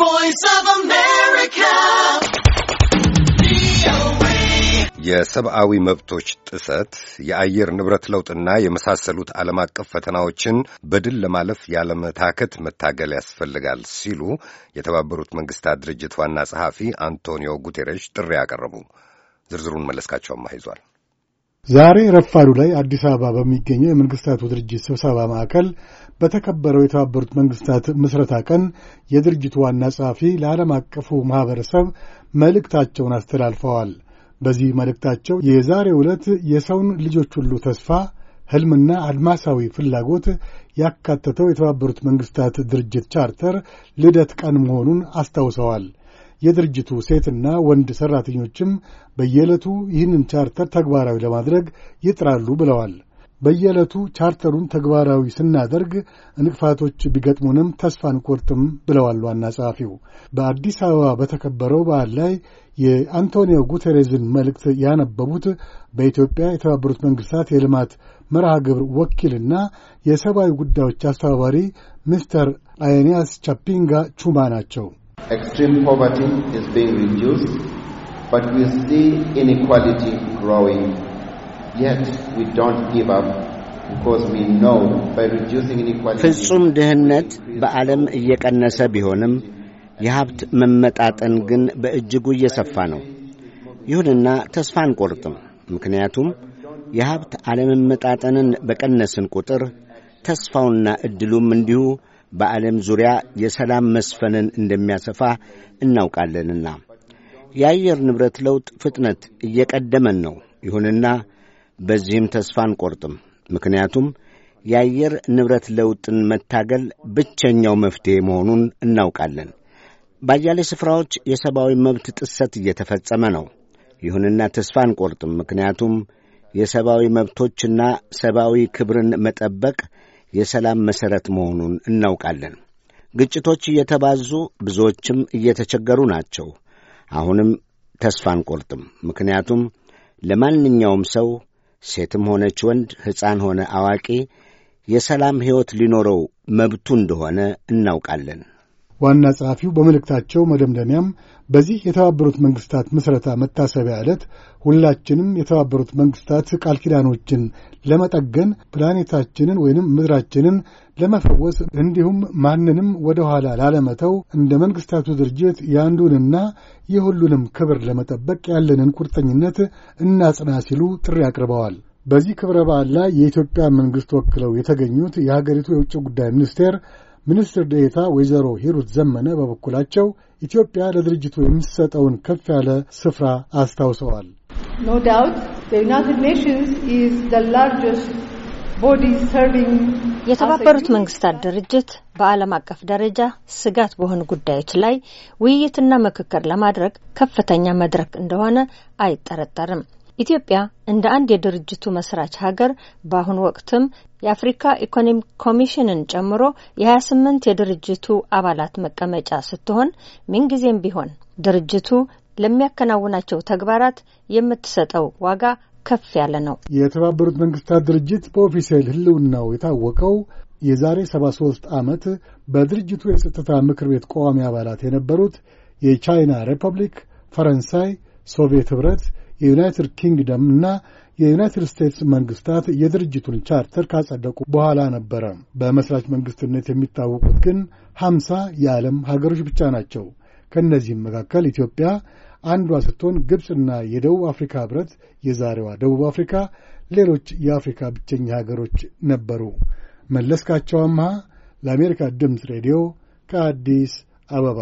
voice የሰብአዊ መብቶች ጥሰት የአየር ንብረት ለውጥና የመሳሰሉት ዓለም አቀፍ ፈተናዎችን በድል ለማለፍ ያለመታከት መታገል ያስፈልጋል ሲሉ የተባበሩት መንግስታት ድርጅት ዋና ጸሐፊ አንቶኒዮ ጉቴሬሽ ጥሪ ያቀረቡ። ዝርዝሩን መለስካቸውማ ይዟል። ዛሬ ረፋዱ ላይ አዲስ አበባ በሚገኘው የመንግስታቱ ድርጅት ስብሰባ ማዕከል በተከበረው የተባበሩት መንግስታት ምስረታ ቀን የድርጅቱ ዋና ጸሐፊ ለዓለም አቀፉ ማኅበረሰብ መልእክታቸውን አስተላልፈዋል። በዚህ መልእክታቸው የዛሬ ዕለት የሰውን ልጆች ሁሉ ተስፋ ሕልምና አድማሳዊ ፍላጎት ያካተተው የተባበሩት መንግስታት ድርጅት ቻርተር ልደት ቀን መሆኑን አስታውሰዋል። የድርጅቱ ሴትና ወንድ ሠራተኞችም በየዕለቱ ይህንን ቻርተር ተግባራዊ ለማድረግ ይጥራሉ ብለዋል። በየዕለቱ ቻርተሩን ተግባራዊ ስናደርግ እንቅፋቶች ቢገጥሙንም ተስፋ አንቆርጥም ብለዋል ዋና ጸሐፊው። በአዲስ አበባ በተከበረው በዓል ላይ የአንቶኒዮ ጉቴሬዝን መልእክት ያነበቡት በኢትዮጵያ የተባበሩት መንግሥታት የልማት መርሃ ግብር ወኪልና የሰብአዊ ጉዳዮች አስተባባሪ ሚስተር አይንያስ ቻፒንጋ ቹማ ናቸው። Extreme poverty is being reduced, but we see inequality growing. Yet we don't give up. ፍጹም ድህነት በዓለም እየቀነሰ ቢሆንም የሀብት መመጣጠን ግን በእጅጉ እየሰፋ ነው። ይሁንና ተስፋ አንቆርጥም፣ ምክንያቱም የሀብት አለመመጣጠንን በቀነስን ቁጥር ተስፋውና እድሉም እንዲሁ በዓለም ዙሪያ የሰላም መስፈንን እንደሚያሰፋ እናውቃለንና የአየር ንብረት ለውጥ ፍጥነት እየቀደመን ነው። ይሁንና በዚህም ተስፋ አንቆርጥም። ምክንያቱም የአየር ንብረት ለውጥን መታገል ብቸኛው መፍትሔ መሆኑን እናውቃለን። ባያሌ ስፍራዎች የሰብአዊ መብት ጥሰት እየተፈጸመ ነው። ይሁንና ተስፋ አንቆርጥም። ምክንያቱም የሰብአዊ መብቶችና ሰብአዊ ክብርን መጠበቅ የሰላም መሠረት መሆኑን እናውቃለን። ግጭቶች እየተባዙ ብዙዎችም እየተቸገሩ ናቸው። አሁንም ተስፋ አንቆርጥም። ምክንያቱም ለማንኛውም ሰው ሴትም ሆነች ወንድ፣ ሕፃን ሆነ አዋቂ የሰላም ሕይወት ሊኖረው መብቱ እንደሆነ እናውቃለን። ዋና ጸሐፊው በመልእክታቸው መደምደሚያም በዚህ የተባበሩት መንግሥታት ምስረታ መታሰቢያ ዕለት ሁላችንም የተባበሩት መንግሥታት ቃል ኪዳኖችን ለመጠገን ፕላኔታችንን ወይንም ምድራችንን ለመፈወስ እንዲሁም ማንንም ወደ ኋላ ላለመተው እንደ መንግሥታቱ ድርጅት የአንዱንና የሁሉንም ክብር ለመጠበቅ ያለንን ቁርጠኝነት እናጽና ሲሉ ጥሪ አቅርበዋል። በዚህ ክብረ በዓል ላይ የኢትዮጵያ መንግሥት ወክለው የተገኙት የሀገሪቱ የውጭ ጉዳይ ሚኒስቴር ሚኒስትር ዴኤታ ወይዘሮ ሂሩት ዘመነ በበኩላቸው ኢትዮጵያ ለድርጅቱ የምትሰጠውን ከፍ ያለ ስፍራ አስታውሰዋል። ኖ ዳውት ዩናይትድ ኔሽንስ ኢዝ ዘ ላርጀስት ቦዲ ሰርቪንግ የተባበሩት መንግስታት ድርጅት በዓለም አቀፍ ደረጃ ስጋት በሆኑ ጉዳዮች ላይ ውይይትና ምክክር ለማድረግ ከፍተኛ መድረክ እንደሆነ አይጠረጠርም። ኢትዮጵያ እንደ አንድ የድርጅቱ መስራች ሀገር በአሁኑ ወቅትም የአፍሪካ ኢኮኖሚክ ኮሚሽንን ጨምሮ የ28 የድርጅቱ አባላት መቀመጫ ስትሆን ምንጊዜም ቢሆን ድርጅቱ ለሚያከናውናቸው ተግባራት የምትሰጠው ዋጋ ከፍ ያለ ነው። የተባበሩት መንግስታት ድርጅት በኦፊሴል ህልውናው የታወቀው የዛሬ 73 ዓመት በድርጅቱ የጸጥታ ምክር ቤት ቋሚ አባላት የነበሩት የቻይና ሪፐብሊክ፣ ፈረንሳይ፣ ሶቪየት ኅብረት የዩናይትድ ኪንግደም እና የዩናይትድ ስቴትስ መንግስታት የድርጅቱን ቻርተር ካጸደቁ በኋላ ነበረ። በመስራች መንግስትነት የሚታወቁት ግን ሀምሳ የዓለም ሀገሮች ብቻ ናቸው። ከእነዚህም መካከል ኢትዮጵያ አንዷ ስትሆን ግብፅና የደቡብ አፍሪካ ህብረት የዛሬዋ ደቡብ አፍሪካ፣ ሌሎች የአፍሪካ ብቸኛ ሀገሮች ነበሩ። መለስካቸው አምሃ ለአሜሪካ ድምፅ ሬዲዮ ከአዲስ አበባ